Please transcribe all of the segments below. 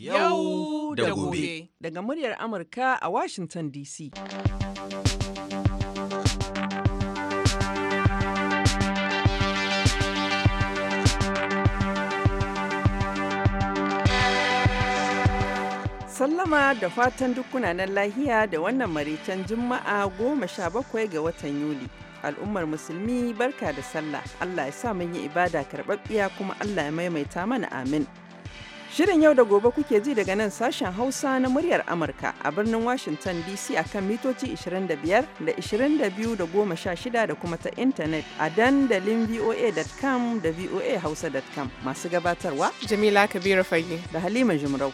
yau da gobe daga muryar amurka a washington dc sallama da fatan dukkunanan lahiya da wannan maraicen juma'a goma sha bakwai ga watan yuli al'ummar musulmi barka da sallah allah ya sa mun yi ibada karɓaɓɓiya kuma allah ya maimaita mana amin Shirin yau da gobe kuke ji daga nan sashen Hausa na muryar Amurka a birnin Washington DC a kan mitoci 25 da 22 da 16 da kuma ta intanet a dandalin voa.com da voahausa.com masu gabatarwa Jamila Kabiru Fage da Halima Jumrau.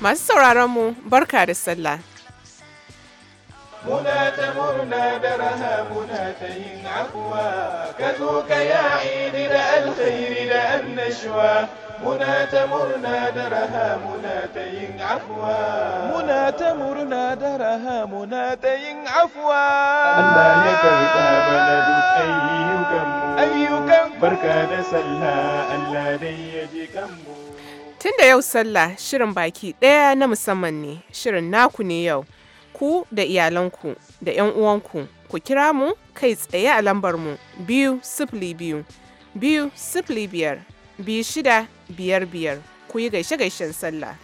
Masu sauraron mu barka da sallah. منا تمرنا برهامنا تهن عفوا كذوك يا عيد لا الخير لا النشوى منا تمرنا درها مناتين عفوا منا تمرنا درها مناتين عفوا الله يكرك بلد أي كم أي كم بركة سلا الله دي Tun da yau sallah shirin baki ɗaya na musamman ne, shirin naku ne yau. ku da iyalanku da 'yan uwanku ku kira mu kai tsaye a lambar mu biyu sifili biyu biyu sifili biyar biyu shida biyar biyar ku yi gaishe-gaishen sallah.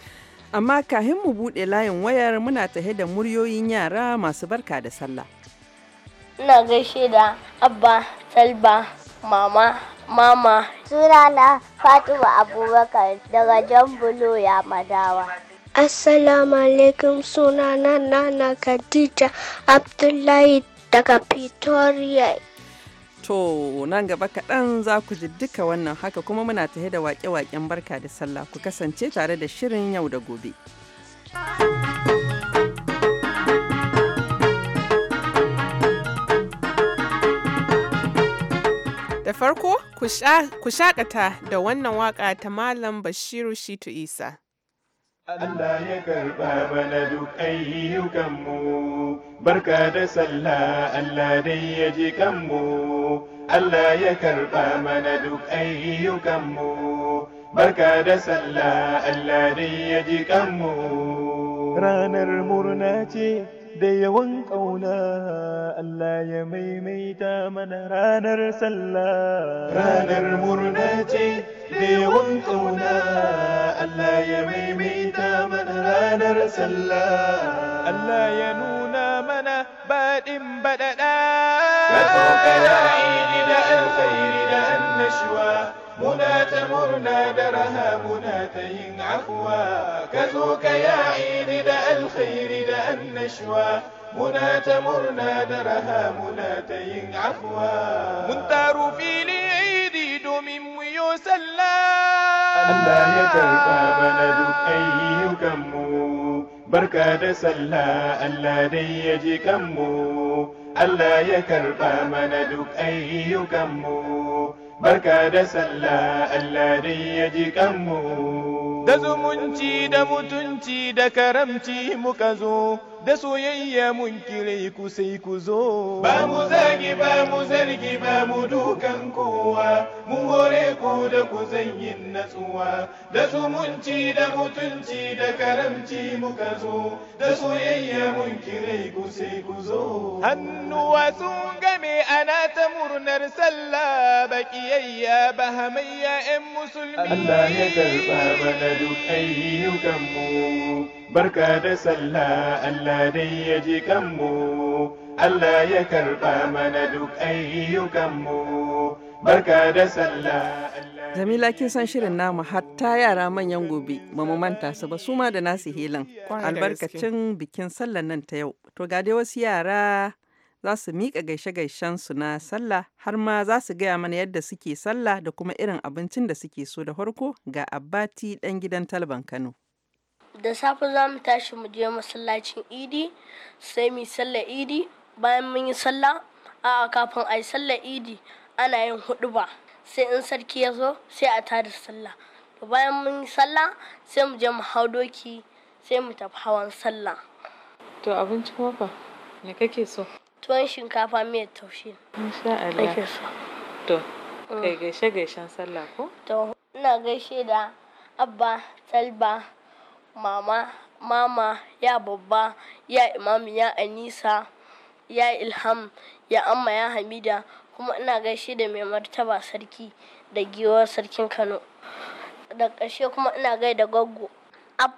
Amma kahin mu buɗe layin wayar muna tahe da muryoyin yara masu barka da sallah. Ina gaishe da Abba, Salba, Mama, Mama. Sunana Fatima Abubakar daga Jan Bulo ya Madawa. Assalamu alaikum na Nana Khadija Abdullahi daga Pretoria. To nan gaba kaɗan za ku ji duka wannan haka kuma muna tahe da waƙe-waƙen barka da sallah ku kasance tare da shirin yau da gobe. Da farko ku shaƙata da wannan waƙa ta Malam Bashiru Shitu Isa. ألا يا قلب أنا دوك أيه يكمو بركة سلا ألا دي يجي كمو ألا يا قلب أنا دوك أيه يكمو بركة سلا ألا دي يجي كمو رانا المرناتي دي وانقونا ألا يا ميميتا من رانا رسلا رانا المرناتي دي وانقونا ألا అల్లాయమే మీద మన రానరసల్లా అల్లాయనూన మన بادم بددا سألك يا عيدي لأن خير لأن نشوى منا تمرنا درها منا تين عفوا كذوك يا عيد داء الخير داء النشوى منا تمرنا درها منا تين عفوا منتار في لعيدي دوم ويسلم Allah ya karɓa mana duk ayyukanmu barka da sallah Allah dai ya ji kanmu Allah ya karɓa mana duk ayyukanmu barka da sallah Allah dai ya ji kanmu da zumunci da mutunci da karamci muka zo da soyayya mun kire ku sai ku zo ba mu zagi ba mu kowa mun hore ku da ku yi natsuwa da zumunci da mutunci da karamci muka zo da soyayya mun kire ku sai ku zo hannuwa sun game ana ta murnar sallah baƙiyayya ba hamayya 'yan musulmi Allah ya karɓa mana duk mu, barka da sallah Allah dai ya ji kanmu Allah ya karɓa mana duk mu. barka da sallah Jamila kin san shirin namu hatta yara manyan gobe ba mu manta su ba su ma da nasu hilin albarkacin bikin sallan nan ta yau to ga dai wasu yara za su miƙa gaishe-gaishen su na sallah har ma za su gaya mana yadda suke sallah da kuma irin abincin da suke so da farko ga abbati ɗan gidan talban kano da safe za mu tashi mu je masallacin idi sai mu sallar idi bayan mun yi sallah a'a kafin a yi sallar idi ana yin ba, sai in sarki ya zo sai a tada sallah to bayan mun yi sallah sai mu je mu hau doki sai mu tafi hawan sallah to abinci kuma fa me kake so tuwon shinkafa mai taushe insha Allah to mm. kai gaishe gaishen sallah ko to ina gaishe da abba talba mama mama ya babba ya imam ya anisa ya ilham ya amma ya hamida kuma ina gaishe da mai martaba sarki da giwa sarkin kano da ƙarshe kuma ina gaida gwaggo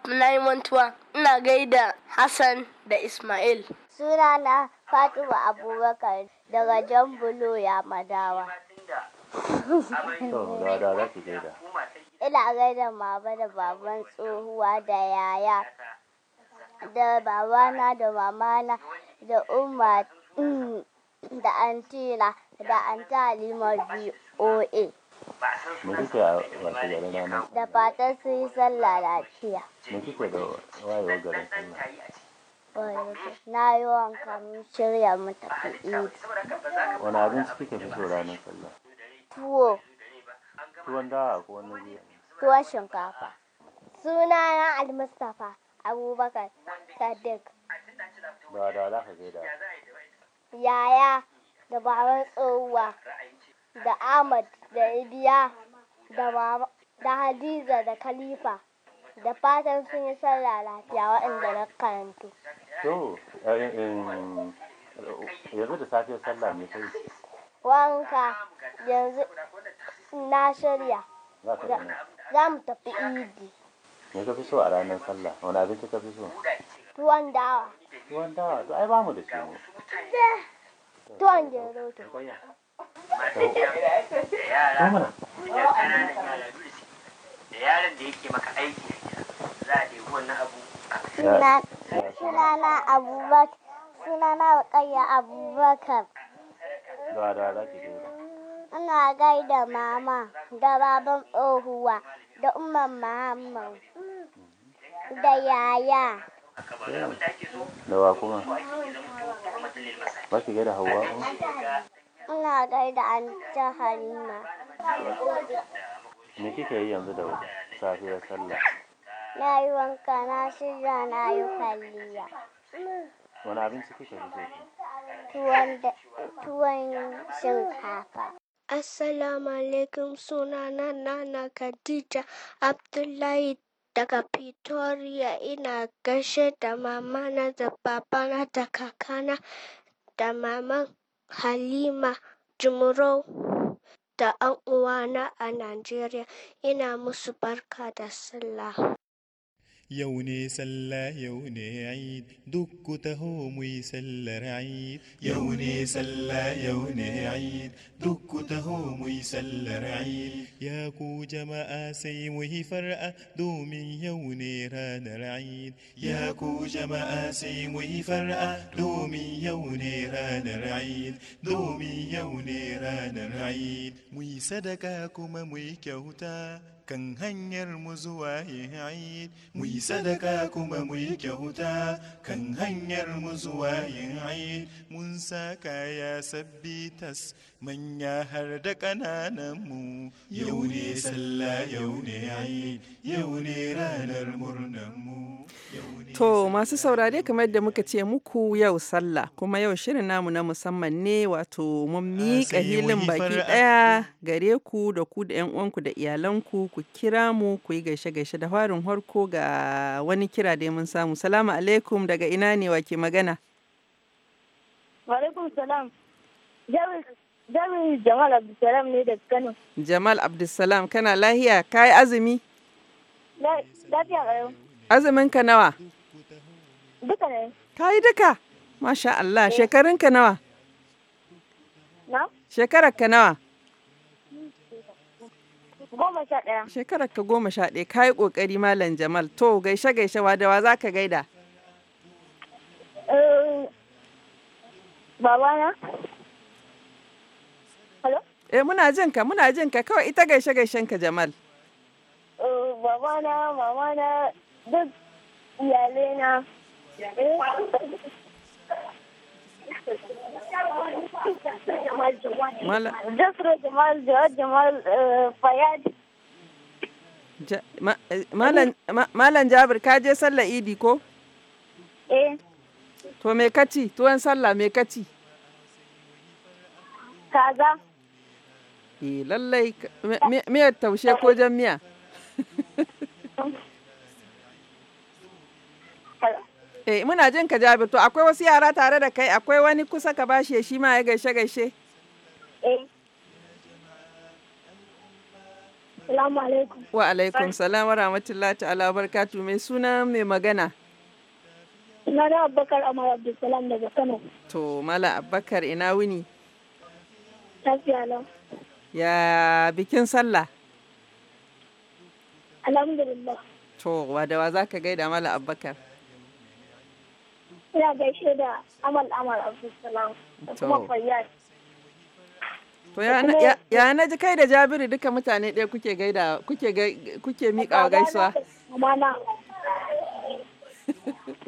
na yi mantuwa ina gaida hassan da ismail sunana fatima abubakar daga jan bulo ya madawa ina gaida mama da baban tsohuwa da yaya da babana da mamana da umma mm, da antina da an anta halimar voa me kike a wasu garin ranar da fatan su yi sallah lafiya me kike da wayewar garin sallah na yi wanka mun shirya mu tafi wani abinci kike fi so ranar sallah tuwo tuwon dawa ko wani biyu tuwon shinkafa suna na almustapha abubakar sadiq ba da za ka gaida yaya da baban tsohuwa da ahmad da idiya da hadiza da khalifa da fatan sun yi sallah lafiya waɗanda na karanto to eh, yanzu da safiyar sallah ne kai wanka yanzu na shirya za mu tafi idi me ka fi so a ranar sallah wani abinci ka fi so tuwon dawa tuwon dawa to ai ba mu da shi ne eh, tuwan yaran da yake maka aiki za a abubakar sunana wakayya abubakar ana gaida mama da baban tsohuwa da umar muhammad da yaya da wa kuma ba ki gaida hawa ina gaida an ta halima me kika yi yanzu da safiyar sallah na yi wanka na shirya na yi kwalliya wani abinci kika fi so tuwon shinkafa assalamu alaikum na nana khadija abdullahi daga Pretoria, ina gaishe da mamana da babana da kakana da maman Halima Jumrau da 'yan uwana a Najeriya. Ina musu barka da sallah. يوني سلا يوني عيد دك تهوم يسلا رعيد يوني سلا يوني عيد دك تهوم يسلا رعيد يا كو جما سيمه فرأة دومي يوني ران رعيد يا كو جما سيمه فرأة دومي يوني ران رعيد دومي يوني ران رعيد مي صدقاكم مي كوتا kan hanyar mu zuwa yin mu yi sadaka kuma mu yi kyauta kan hanyar mu zuwa yin mun sa kaya sabbi tas manya har da ƙananan mu yau ne sallah yau ne yau ne ranar murnan mu To masu saurare kamar da muka ce muku yau sallah kuma yau shirin namu na musamman ne wato mun miƙa hilin baki ɗaya gare ku da ku da 'yan uwanku da iyalanku ku kira mu ku yi gaishe-gaishe da farin harko ga wani kira da mun samu. Salamu alaikum daga ina ne wake magana? Alaikum salam. Jami Jamal Abdulsalam ne daga Kano. Jamal Abdulsalam kana lahiya Ka yi azumi? Lafiya kayo. Azumin ka nawa? Duka ne. Ka yi duka? Masha Allah, eh. shekarun ka nawa? Na? Shekarar ka nawa? Goma sha ɗaya. Shekarar ka goma sha ɗaya yi ƙoƙari Malam Jamal to gaishe gaishe wa wa za ka gaida. Eh, babana. Halo? Eh muna jin ka muna jin ka kawai ita gaishe gaishen ka Jamal. Eh, babana mamana duk iyalena. Eh, Eh, Malam Jabir ka je sallah Idi ko? Eh. To me kaci tuwon sallah me kaci? Kaza. Eh lallai me miyar taushe ko jan miya? Eh muna jin ka Jabir to akwai wasu yara tare da kai akwai wani kusa ka bashi shi ma ya gaishe gaishe. Eh. Salamu alaikum. Wa alaikum salam wa rahmatullahi ta'ala barkatu mai suna mai magana. Ina da Abubakar Amar Abdulsalam daga Kano. To Mala Abubakar ina wuni? Tafiya lau. Ya bikin sallah? Alhamdulillah. To wa da wa za ka gaida Mala Abubakar? ina gaishe da amal amal abdulsalam da kuma fayyad to ya na ji kai da jabiru duka mutane ɗaya kuke gaida kuke kuke miƙa wa gaisuwa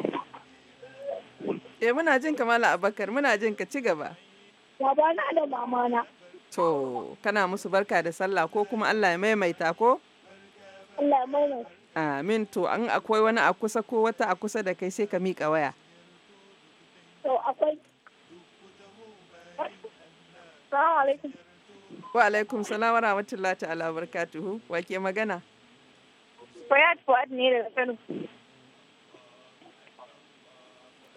eh muna jin kamala abakar muna jin ka ci gaba babana da mamana to kana musu barka da sallah ko kuma Allah ya maimaita ko Allah ya maimaita amin to an akwai wani a kusa ko wata a kusa da kai sai ka miƙa waya to akwai alaikum. Wa alaikum salam wa rahmatullahi ta'ala wa barakatuhu. Wa ke magana? Fayad Fuad ne daga Kano.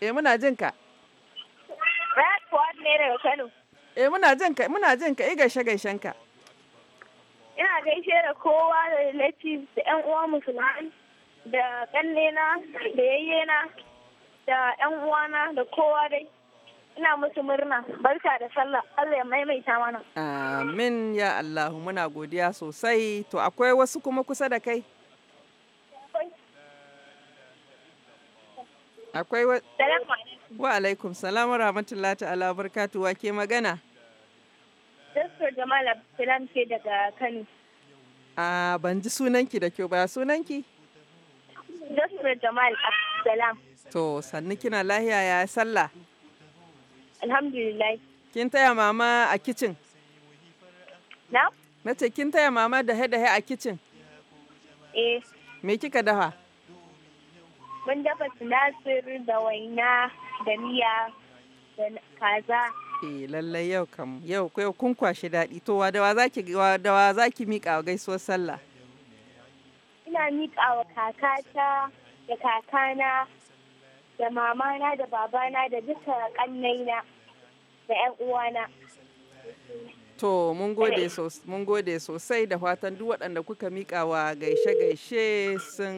E, muna jin ka. Fayad Fuad ne daga Kano. E, muna jin ka, muna jin ka, iga eh, shagai shanka. Ina gaishe da kowa da relatives da 'yan uwa musulmai da kannena da yayyena da yan uwana da kowa dai ina musu murna barka da sallah Allah ya maimaita mana amin ya Allah muna godiya sosai to akwai wasu kuma kusa da kai akwai wa wa alaikum salamu rahmatullahi ta'ala barkatu wa ke magana Dastur Jamal Abdulsalam ke daga Kano. A ban ji sunanki da kyau ba sunanki? Dastur Jamal Abdulsalam. To sannu kina lahiya ya sallah? Alhamdulillah. Kin taya mama a kicin? Na? Na ce kin taya mama da dahe a kicin? Eh. Me kika dafa? Mun dafa sinasir da waina da miya da kaza. Eh lallai yau kam yau yau kun kwashi daɗi to wa dawa zaki ki zaki miƙa wa gaisuwar sallah. Ina mika wa kakata da kakana da mamana da babana da duka kannaina da 'yan uwana. To mun gode sosai da fatan duk waɗanda kuka mika wa gaishe-gaishe sun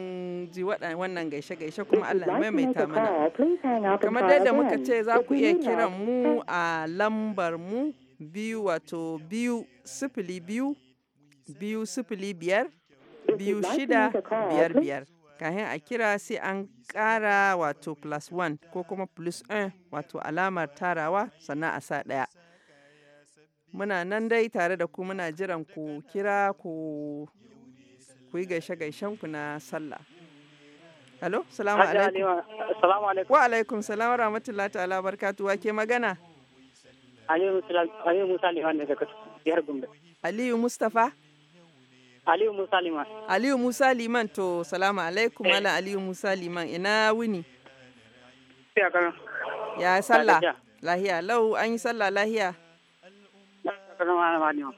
ji wannan gaishe-gaishe kuma Allah ya maimaita mana. Kamar dai da muka ce za ku iya kiran mu a lambar mu biyu wato biyu sifili biyu biyu sifili biyar biyu shida biyar biyar. kahin a kira sai an ƙara wato plus one ko kuma plus un wato alamar tarawa sannan a sa ɗaya muna nan dai tare da ku muna jiran ku kira ku ku yi gaishe-gaishen ku na sallah Halo, salamu alaikum. Salamu alaikum. Wa alaikum, salamu rahmatullahi ta'ala barkatu wa ke magana? Aliyu Musa Liman ne daga jihar Gombe. Aliyu Mustapha? Aliyu Musa Liman. Aliyu Musa Liman to salamu alaikum eh. ala Aliyu Musa Liman ina wuni. Ya sallah. Lahiya lau an yi sallah lahiya.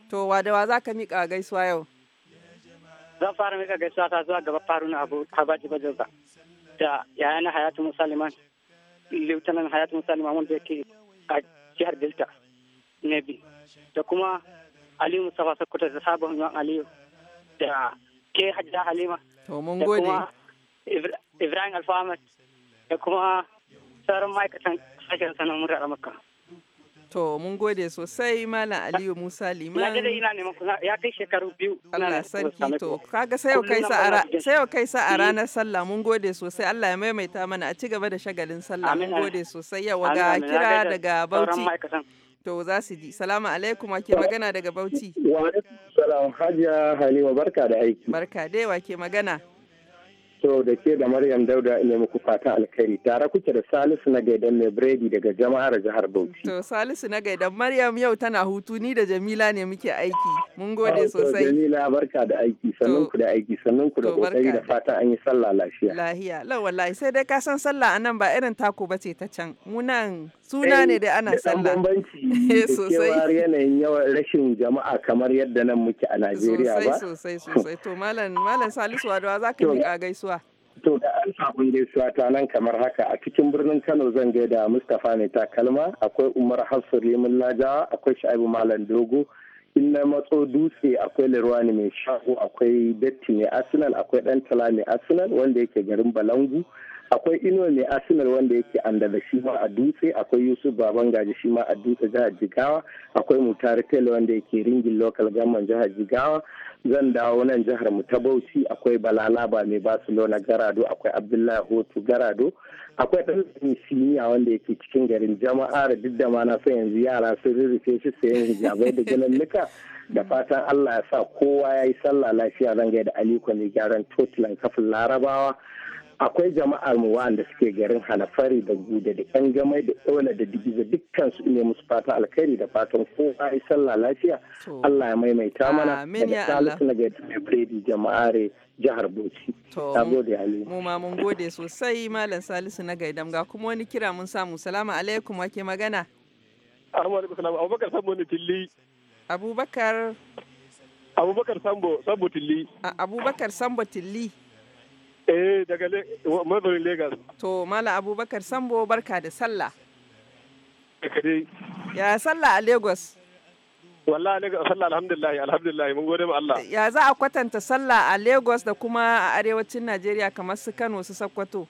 To wa da wa za ka miƙa gaisuwa yau? Zan fara miƙa gaisuwa ta zuwa gaba faruna abu Habaji Bajoga da yayana Hayatu Musa Liman. Lieutenant Hayatu Musa Liman wanda yake a jihar Delta. Nebi. Da kuma Aliyu Mustafa Sokoto da sabon Aliyu da ke hajjia halima to mun gode ibrahim alfahamad da kuma sauran ma'aikatan sashen sanar murar makka To mun gode sosai Malam Aliyu Musa Liman. ya Na ina neman ya kai shekaru biyu. Allah sarki to kaga sai kai sa sai kai sa a eh. ranar sallah mun gode sosai Allah ya maimaita mana a ci gaba da shagalin sallah mun gode sosai yawa ga kira daga Bauchi. To za su ji. Salamu alaikum ke magana daga Bauchi. Wa alaikum salam Hajiya Halima barka da aiki. Barka dai wake magana. To da ke da Maryam Dauda ne muku fata alkhairi tare kuke da Salisu na gaidan mai biredi daga jama'ar jihar Bauchi. To Salisu na gaidan Maryam yau tana hutu ni da Jamila ne muke aiki. Mun ah, gode sosai. Jamila barka da aiki sannan ku da aiki sannan ku da kokari da fata an yi sallah lafiya. Lahiya. Lau wallahi sai dai ka san sallah anan ba irin taku bace ta can. Mu nan suna ne da ana sallah. Eh, da bambanci sosai. yanayin yawan rashin jama'a kamar yadda nan muke a Najeriya ba. Sosai sosai sosai. To malam malam Salisu Wadawa za ka gaisuwa. To da an sabon gaisuwa ta nan kamar haka a cikin birnin Kano zan gaida Mustapha ne takalma akwai Umar Hassan Limin Lajawa akwai Sha'ibu Malam Dogo in na matso dutse akwai Lerwani mai shago akwai Datti mai Arsenal akwai Dan Tala mai Arsenal wanda yake garin Balangu. akwai inuwa mai arsenal wanda yake andala shi ma a dutse akwai yusuf baban gaji shi ma a dutse jihar jigawa akwai mutare tel wanda yake ringin local government jihar jigawa zan dawo nan jihar mu ta bauchi akwai balalaba mai barcelona garado akwai abdullahi hotu garado akwai dan siniya wanda yake cikin garin jama'a da duk da ma na san yanzu yara sun rurrufe shi sayan hijabai da galalluka da fatan allah ya sa kowa ya yi sallah lafiya zan gaida aliko ne gyaran totilan kafin larabawa akwai jama'ar mu wanda suke garin halafari da gude da yan gamai da ɗola da digiza dukkan su ne musu fata alkhairi da fatan kowa ya sallah lafiya Allah ya maimaita mana da salisu na gaida mai biredi jama'are jihar Bauchi. ta gode Halima. Mu ma mun gode sosai Malam Salisu na gaidam ga kuma wani kira mun samu salamu alaikum wake magana. Abubakar Sambo ne Tilli. Abubakar. Abubakar Sambo Sambo Tilli. Abubakar Sambo Tilli. Eh daga mazauni Legas. To Mala Abubakar Sambo barka da sallah. Ya sallah a Lagos. Wallahi Lagos sallah alhamdulillah alhamdulillah mun gode ma Allah. Ya za a kwatanta sallah a Lagos da kuma a arewacin Najeriya kamar su Kano su Sokoto.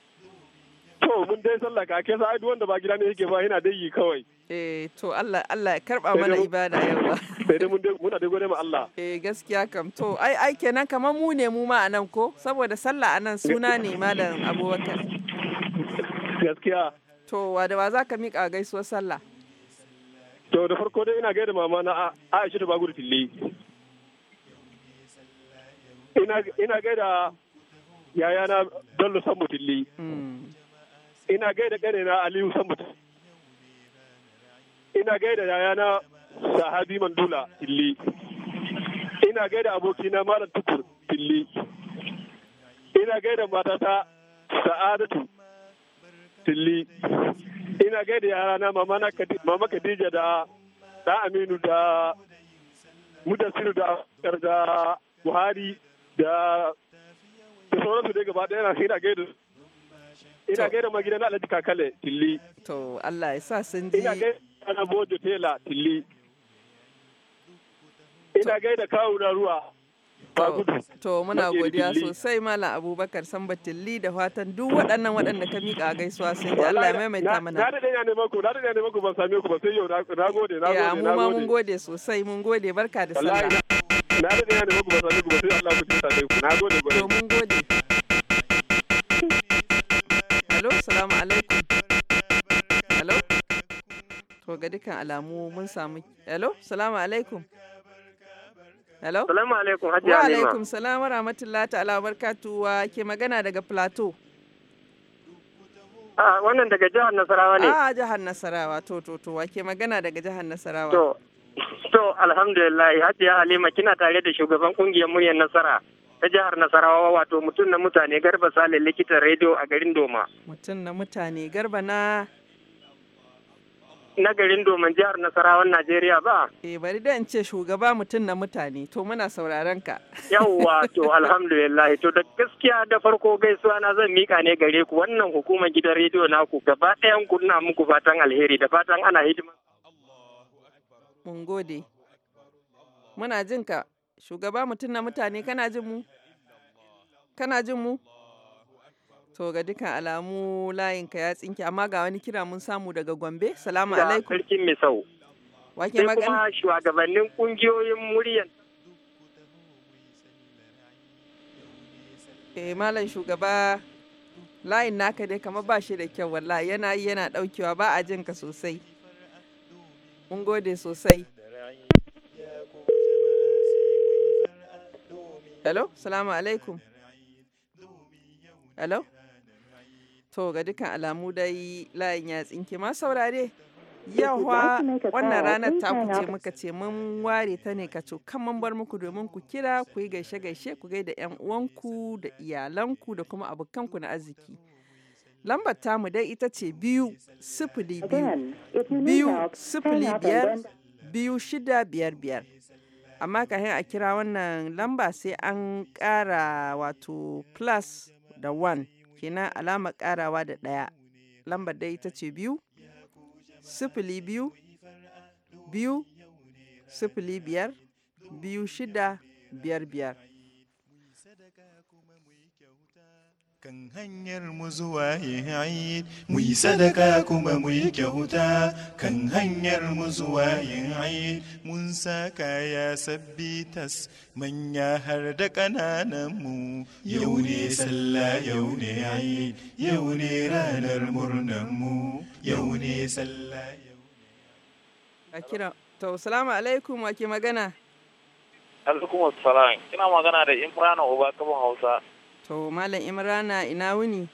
To mun dai sallah ka ke sa wanda ba gida ne yake ba yana dai yi kawai. Eh to Allah Allah karba mana ibada yawa. Sai dai muna dai gode ma Allah. Eh gaskiya kam to ai ai kenan kamar mu ne mu ma anan ko saboda sallah anan suna ne malam Abubakar. Gaskiya. To wa da wa zaka mika gaisuwar sallah? To da farko dai ina gaida mama na Aisha ta Baguri Tilli. Ina ina gaida yayana Bello Sambo Tilli. Hmm. Ina gaida na Aliyu Sambo Tilli. ina gaida na sahabi mandula tilli ina gaida abokina malam tukur tilli ina gaida matata sa'adatu tilli ina gaida na mama kadija da da aminu da mudassiru da da buhari da da sauransu dai gaba ɗaya ina gaida ina gaida magidana alhaji kakale tilli to allah ya sa sun ji ana Bojo Tela Tilli. Ina gaida kawo na ruwa. To muna godiya sosai Malam Abubakar Samba Tilli da fatan duk waɗannan waɗanda ka miƙa gaisuwa sun ji Allah ya maimaita mana. Na da ne neman ku, na da ne neman ku ban same ku ba sai yau na gode, na gode, na mu ma mun gode sosai, mun gode, barka da sallah. Na da ne neman ku ban same ku ba sai Allah ku ta sai ku, na gode. To mun gode. ga dukkan alamu mun samu hello salamu alaikum hello salamu alaikum hajji wa alaikum salam wa rahmatullahi ta'ala barkatuwa ke magana daga plateau ah wannan daga jihar nasarawa ne ah jihar nasarawa to to to wa ke magana daga jihar nasarawa to to alhamdulillah hajiya alima kina tare da shugaban kungiyar muryar nasara ta jihar Nasarawa wato mutum na mutane garba sale likitan rediyo a garin Doma. Mutum na mutane garba na na garin domin jihar Nasarawan Najeriya ba. Eh bari da in ce shugaba mutum na mutane to muna sauraron ka. Yawwa to alhamdulillah to da gaskiya da farko gaisuwa na zan mika ne gare ku wannan hukumar gidan rediyo naku gaba ɗayan ku na muku fatan alheri da fatan ana hidima. Mun gode. Muna jin ka shugaba mutum na mutane kana jin mu? Kana jin mu? To ga dukkan alamu ka ya tsinke amma ga wani kira mun samu daga Gombe. Salamu alaikum. Sarkin Misau. Wake magana. Sai kuma shugabannin kungiyoyin muryan. Eh malam shugaba layin naka dai kamar ba shi da kyau wallahi yana yi yana daukewa ba a jin ka sosai. Mun gode sosai. Hello, salamu alaikum. Hello? To ga dukkan alamu dai layin ya tsinke ma saurare. Yawa wannan ranar ta ce muka ce mun ware ta ne kaco kan mun bar muku domin ku kira ku yi gaishe gaishe ku gaida yan uwanku da iyalanku da kuma abokanku na arziki. Lambar tamu dai ita ce biyu sifili biyu biyu sifili biyar biyu shida biyar biyar. Amma ka a kira wannan lamba sai an ƙara wato plus da one kenan alama karawa da ɗaya lambar dai ita ce biyu sifili biyu biyu sifili biyar biyu shida biyar biyar kan hanyar mu zuwa yin mu yi sadaka kuma mu yi kyauta kan hanyar mu zuwa yin mun sa kaya sabbi tas manya har da ƙananan mu yau ne sallah yau ne ayin yau ne ranar murnan mu yau ne sallah yau ne to salamu alaikum wa ke magana alaikum assalam kina magana da imrana uba kaban hausa To Malam Imrana ina wuni?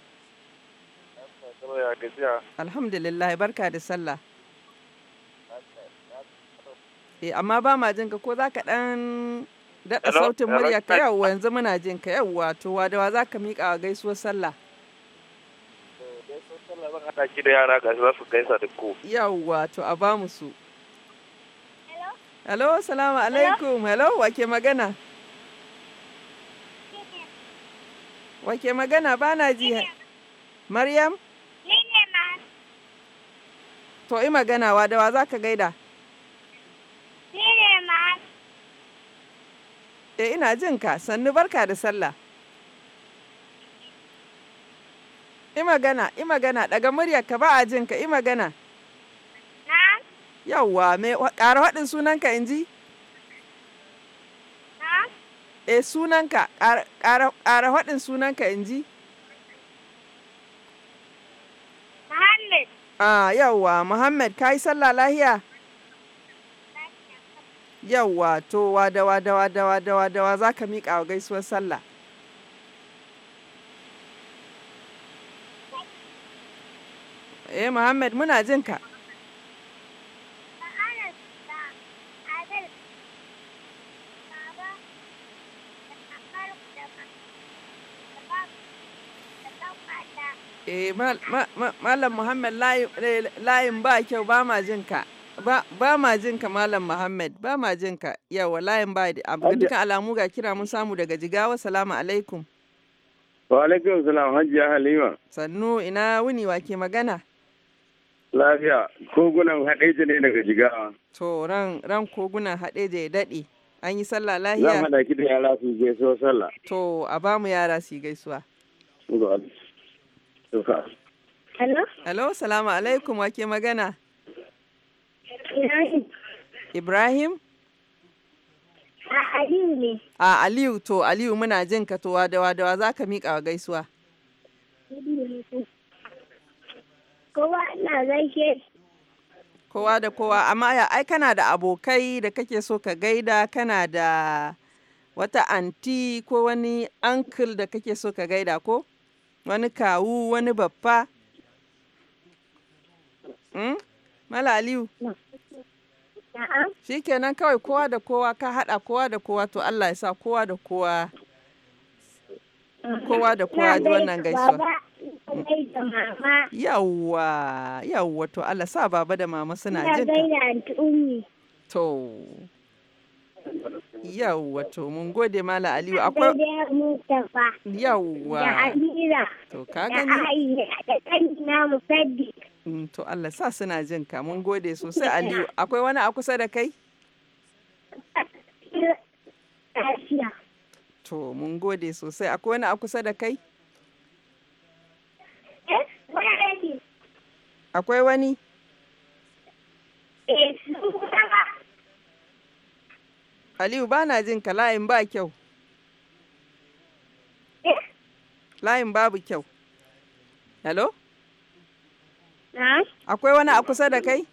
Alhamdulillah barka da sallah. Eh amma ba ma jinka ko za ka ɗan daɗa sautin murya ka yawwa yanzu muna jin ka yawwa to wa da wa za ka miƙa wa gaisuwar sallah. Yawwa to a bamu su. Hello, salamu alaikum. Hello, wake magana? Wake magana ba na ji. Maryam? Ni ne ma. To yi magana wa da wa za ka gaida? Ni ne ma. E ina jin ka sannu barka da sallah. Yi magana, yi magana, daga muryar ka ba a jin ka, yi magana. Na? Yawwa, me ƙara haɗin sunanka in ji? e sunanka ƙara haɗin sunanka in ji Muhammad ah yawwa Muhammad ka yi sallah lahiya yawwa to wada wada wada wada wada wa za ka miƙa wa gaisuwar sallah eh Muhammad muna jin ka Eh, Malam Muhammad eh, layin ba kyau ba ma jin ka. Ba ma jin ka Malam Muhammad, ba ma jin ka. Yawa layin ba da abu dukkan alamu ga kira mun samu daga Jigawa. Salamu alaikum. Wa alaikum salam Hajiya Halima. Sannu ina wuni wa ke magana? Lafiya, kogunan haɗeje ne daga Jigawa. To ran ran kogunan haɗeje ya daɗe. An yi sallah lahiya. Zan haɗa ki da yara su gaisuwa sallah. To a bamu yara su gaisuwa. Hello? Hello, salamu alaikum wake magana. Ibrahim. Ibrahim? A Aliyu ne. A Aliyu to Aliyu muna jin ka to dawa wada za ka miƙa wa gaisuwa. Kowa na gaishe. Kowa da kowa amma ai kana da abokai da kake so ka gaida kana da wata anti ko wani uncle da kake so ka gaida ko? wani kawu wani babba hmm? malaliu shi kenan kawai kowa da kowa ka haɗa kowa da kowa to Allah ya sa kowa da kowa kowa da kowa ji wannan gaisuwa yawwa yawwa to Allah sa baba da mama suna jin to Yawwa to mun gode mala, Aliyu akwai Yawwa. Da To ka gani. Da kanina Musaddi. Mm, to Allah sa suna jin ka mun gode sosai Aliyu akwai wani a kusa da kai? To mun gode sosai akwai wani a kusa da kai? Eh, akwai wani? Eh, Aliyu ba na jin ka layin ba kyau. Layin babu kyau. Hello? Akwai wani a kusa da kai?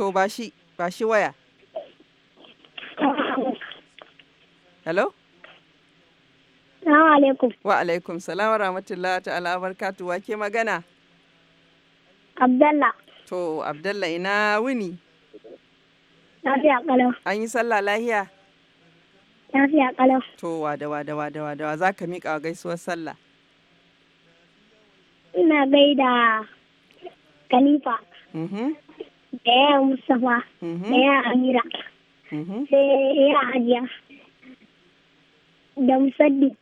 To ba shi, ba shi waya. Hello? Salamu alaikum. Wa alaikum salam wa rahmatullah ta'ala barkatu wa ke magana? Abdallah. To Abdallah ina wuni? Lafiya kalau. An yi sallah lahiya? Lafiya kalau. To wada wada wada wada za ka miƙa gaisuwar sallah. Ina gaida Khalifa. Mm-hmm. Da ya Mustapha. Mm-hmm. Da ya Amira. Sai mm-hmm. ya Hajiya. Da Musaddiq.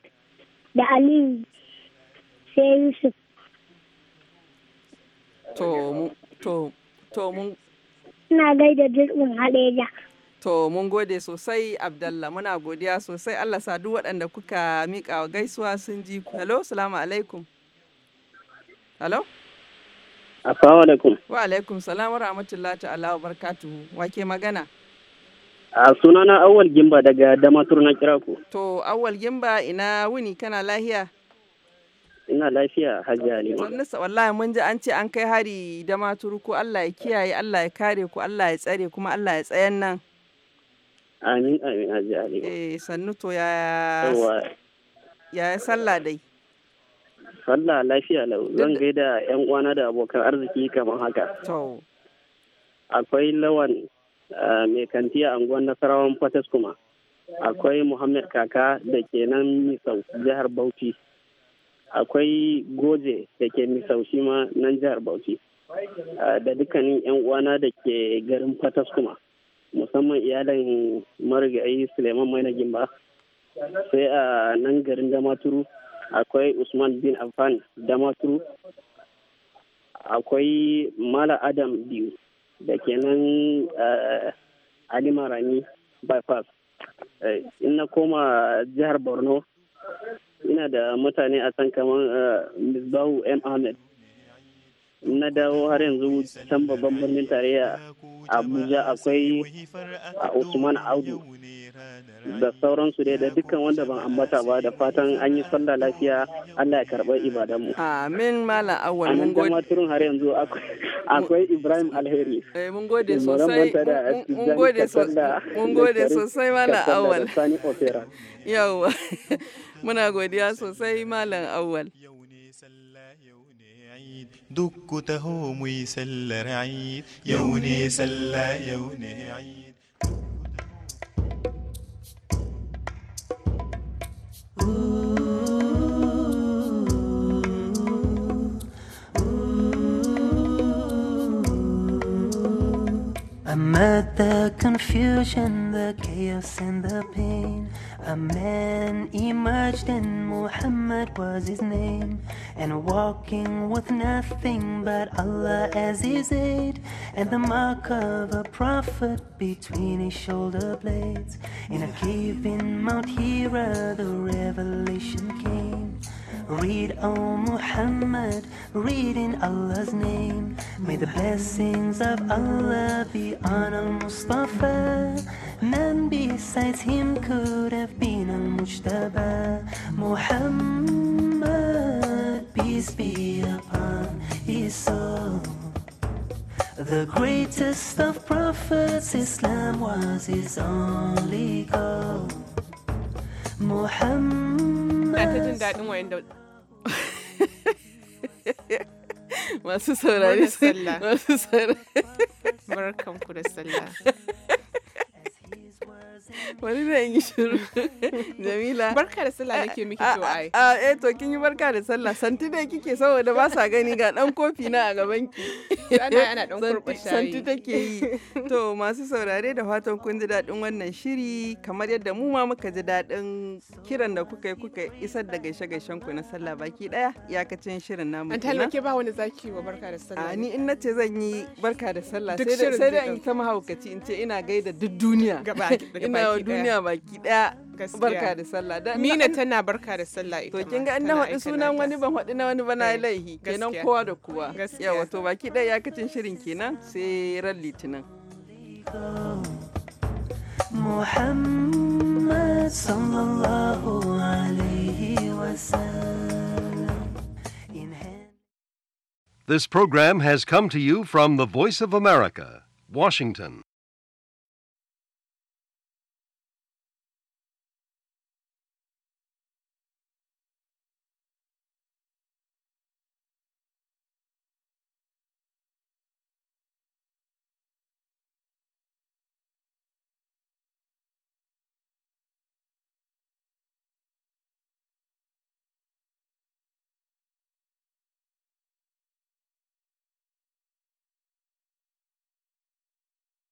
Da Aliyu. Sai Yusuf. To, to, to mun suna gaida jirgin Haleja. To mun gode sosai Abdallah muna godiya sosai Allah sa duk waɗanda kuka miƙa wa gaisuwa sun ji ku. salamu alaikum. Halo? Assalamu alaikum. Wa alaikum salamu wa rahmatullahi ta'ala wa barakatuhu. Wa ke magana? A sunana Awal Gimba daga Damatur na Kiraku. To Awal Gimba ina wuni kana lahiya? Kuna lafiya Hajiya Halima. Sannu wallahi mun ji an ce an kai hari da maturu ko Allah ya kiyaye Allah ya kare ku Allah ya tsare kuma Allah ya tsayan nan. Amin amin Hajiya Halima. Eh sannu to ya ya sallah dai. Sallah lafiya lau zan gaida yan uwana da abokan arziki kamar haka. To. Akwai lawan mai kantiya anguwan nasarawan Fatas kuma. Akwai Muhammad Kaka da ke nan Misau jihar Bauchi. akwai goje da ke misaushi ma nan jihar bauchi da dukkanin 'yan uwana da ke garin fatas kuma musamman iyalan marigayi suleiman maina gimba sai a nan garin damaturu akwai usman bin afan damaturu akwai mala adam biyu da ke nan alimarani bypass eh, in na koma jihar borno ina da mutane a can kamar eh, misbahu m ahmed na dawo har yanzu can babban birnin tarayya abuja akwai a usman audu da sauransu dai da dukkan wanda ban ambata ba da fatan an yi sallah lafiya allah ya karɓar ibadanmu amin mala awal mun gode amma har yanzu akwai ibrahim alheri eh, mun gode sosai mun gode sosai mala muna godiya sosai malam awwal duk taho the confusion, the chaos and the pain A man emerged and Muhammad was his name And walking with nothing but Allah as his aid And the mark of a prophet between his shoulder blades In a cave in Mount Hira the revelation came Read, O oh Muhammad, read in Allah's name. May the blessings of Allah be on Al Mustafa. None besides him could have been Al Mujtaba. Muhammad, peace be upon his soul. The greatest of prophets, Islam was his only goal. Muhammad. masu saurari masu saurari ku da sallah Wani da yi shiru. Jamila. Barka da sallah eh, ke miki to ah, ai. A ah, eh to kin yi barka da sallah. Santi da kike saboda ba sa gani ga dan kofi na a gaban ki. Ana ana dan kurba Santi take yi. To masu saurare da fatan kun ji daɗin wannan shiri kamar yadda mu ma muka ji daɗin kiran da kuka yi kuka isar da gaishe gaishen ku na sallah baki daya iyakacin shirin namu. An talmake ba wani zaki wa barka da sallah. Ah, ni in nace zan yi barka da sallah sai da sai da in ta mahaukaci in ce ina gaida duk duniya. Gaba duniya baki daya barka da sallah tana barka da sallah ita to kin ga sunan wani ban na wani eh, laihi kenan kowa da kowa yawa to baki daya shirin kenan sai ran litinin This program has come to you from the Voice of America, Washington.